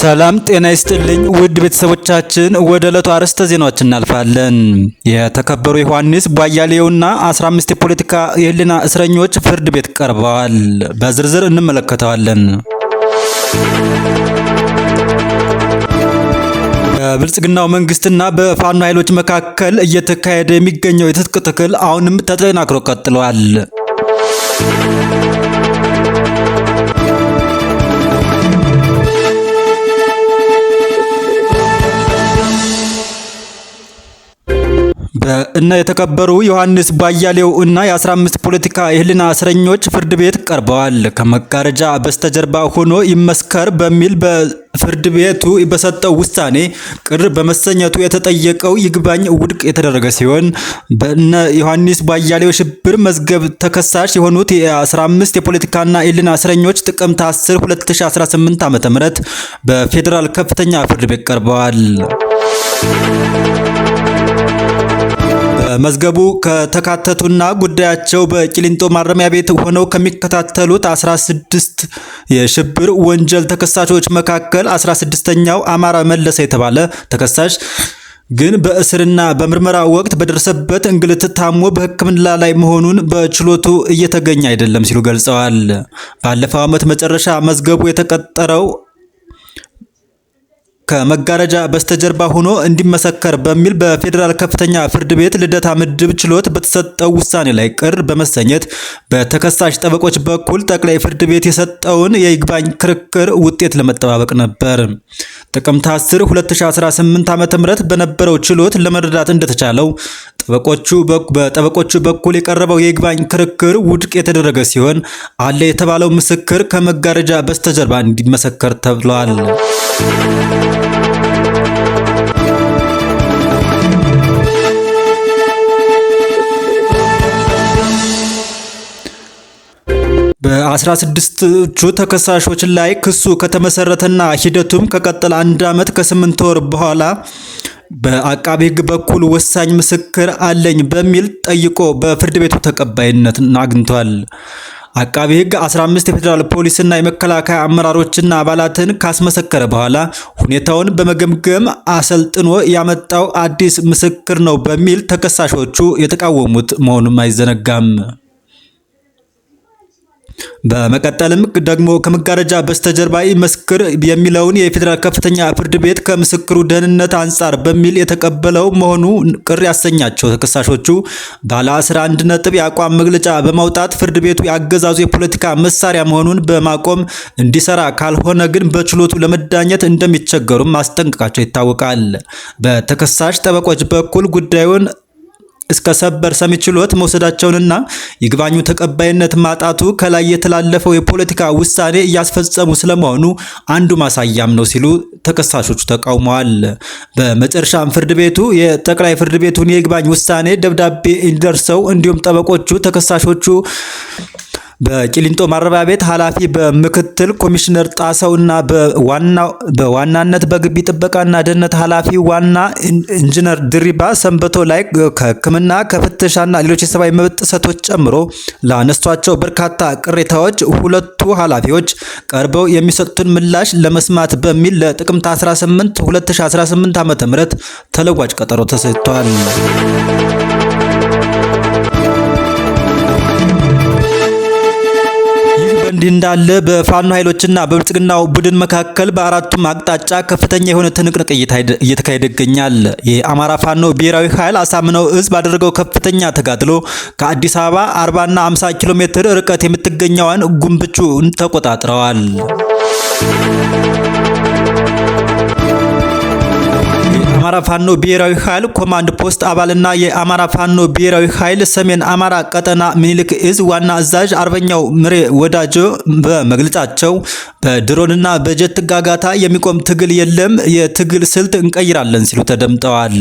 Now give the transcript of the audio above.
ሰላም ጤና ይስጥልኝ ውድ ቤተሰቦቻችን፣ ወደ ዕለቱ አርዕስተ ዜናዎች እናልፋለን። የተከበሩ ዮሐንስ ቧያሌውና 15 የፖለቲካ የህሊና እስረኞች ፍርድ ቤት ቀርበዋል። በዝርዝር እንመለከተዋለን። በብልጽግናው መንግስትና በፋኖ ኃይሎች መካከል እየተካሄደ የሚገኘው የትጥቅ ትግል አሁንም ተጠናክሮ ቀጥሏል። እነ የተከበሩ ዮሐንስ ባያሌው እና የ15 ፖለቲካ የህሊና እስረኞች ፍርድ ቤት ቀርበዋል። ከመጋረጃ በስተጀርባ ሆኖ ይመስከር በሚል በፍርድ ቤቱ በሰጠው ውሳኔ ቅር በመሰኘቱ የተጠየቀው ይግባኝ ውድቅ የተደረገ ሲሆን በእነ ዮሐንስ ባያሌው ሽብር መዝገብ ተከሳሽ የሆኑት የ15 የፖለቲካና የህሊና እስረኞች ጥቅምት 10 2018 ዓ ም በፌዴራል ከፍተኛ ፍርድ ቤት ቀርበዋል። በመዝገቡ ከተካተቱና ጉዳያቸው በቂሊንጦ ማረሚያ ቤት ሆነው ከሚከታተሉት 16 የሽብር ወንጀል ተከሳሾች መካከል 16ኛው አማራ መለሰ የተባለ ተከሳሽ ግን በእስርና በምርመራ ወቅት በደረሰበት እንግልት ታሞ በሕክምና ላይ መሆኑን በችሎቱ እየተገኘ አይደለም ሲሉ ገልጸዋል። ባለፈው ዓመት መጨረሻ መዝገቡ የተቀጠረው ከመጋረጃ በስተጀርባ ሆኖ እንዲመሰከር በሚል በፌዴራል ከፍተኛ ፍርድ ቤት ልደታ ምድብ ችሎት በተሰጠው ውሳኔ ላይ ቅር በመሰኘት በተከሳሽ ጠበቆች በኩል ጠቅላይ ፍርድ ቤት የሰጠውን የይግባኝ ክርክር ውጤት ለመጠባበቅ ነበር። ጥቅምት 10 2018 ዓ.ም በነበረው ችሎት ለመረዳት እንደተቻለው በጠበቆቹ በኩል የቀረበው የይግባኝ ክርክር ውድቅ የተደረገ ሲሆን አለ የተባለው ምስክር ከመጋረጃ በስተጀርባ እንዲመሰከር ተብሏል። በ16ቱ ተከሳሾች ላይ ክሱ ከተመሰረተና ሂደቱም ከቀጠለ አንድ ዓመት ከስምንት ወር በኋላ በአቃቤ ሕግ በኩል ወሳኝ ምስክር አለኝ በሚል ጠይቆ በፍርድ ቤቱ ተቀባይነት አግኝቷል። አቃቢ ህግ 15 የፌዴራል ፖሊስና የመከላከያ አመራሮችና አባላትን ካስመሰከረ በኋላ ሁኔታውን በመገምገም አሰልጥኖ ያመጣው አዲስ ምስክር ነው በሚል ተከሳሾቹ የተቃወሙት መሆኑም አይዘነጋም። በመቀጠልም ደግሞ ከመጋረጃ በስተጀርባ መስክር የሚለውን የፌዴራል ከፍተኛ ፍርድ ቤት ከምስክሩ ደህንነት አንጻር በሚል የተቀበለው መሆኑ ቅር ያሰኛቸው ተከሳሾቹ ባለ 11 ነጥብ የአቋም መግለጫ በማውጣት ፍርድ ቤቱ የአገዛዙ የፖለቲካ መሳሪያ መሆኑን በማቆም እንዲሰራ ካልሆነ ግን በችሎቱ ለመዳኘት እንደሚቸገሩም ማስጠንቀቃቸው ይታወቃል። በተከሳሽ ጠበቆች በኩል ጉዳዩን እስከ ሰበር ሰሚ ችሎት መውሰዳቸውንና ይግባኙ ተቀባይነት ማጣቱ ከላይ የተላለፈው የፖለቲካ ውሳኔ እያስፈጸሙ ስለመሆኑ አንዱ ማሳያም ነው ሲሉ ተከሳሾቹ ተቃውመዋል። በመጨረሻም ፍርድ ቤቱ የጠቅላይ ፍርድ ቤቱን የይግባኝ ውሳኔ ደብዳቤ እንዲደርሰው እንዲሁም ጠበቆቹ ተከሳሾቹ በቂሊንጦ ማረሚያ ቤት ኃላፊ በምክትል ኮሚሽነር ጣሰውና በዋናነት በግቢ ጥበቃና ደህንነት ኃላፊ ዋና ኢንጂነር ድሪባ ሰንበቶ ላይ ከሕክምና ከፍተሻና ሌሎች የሰብአዊ መብት ጥሰቶች ጨምሮ ላነሷቸው በርካታ ቅሬታዎች ሁለቱ ኃላፊዎች ቀርበው የሚሰጡትን ምላሽ ለመስማት በሚል ለጥቅምት 18 2018 ም ተለዋጭ ቀጠሮ ተሰጥቷል። በእንዲህ እንዳለ በፋኖ ኃይሎችና በብልጽግናው ቡድን መካከል በአራቱም አቅጣጫ ከፍተኛ የሆነ ትንቅንቅ እየተካሄደ ይገኛል። የአማራ ፋኖ ብሔራዊ ኃይል አሳምነው እዝ ባደረገው ከፍተኛ ተጋድሎ ከአዲስ አበባ 40 እና 50 ኪሎ ሜትር ርቀት የምትገኘዋን ጉንብቹን ተቆጣጥረዋል። የአማራ ፋኖ ብሔራዊ ኃይል ኮማንድ ፖስት አባልና የአማራ ፋኖ ብሔራዊ ኃይል ሰሜን አማራ ቀጠና ምኒልክ እዝ ዋና አዛዥ አርበኛው ምሬ ወዳጆ በመግለጫቸው በድሮንና በጀት ጋጋታ የሚቆም ትግል የለም፣ የትግል ስልት እንቀይራለን ሲሉ ተደምጠዋል።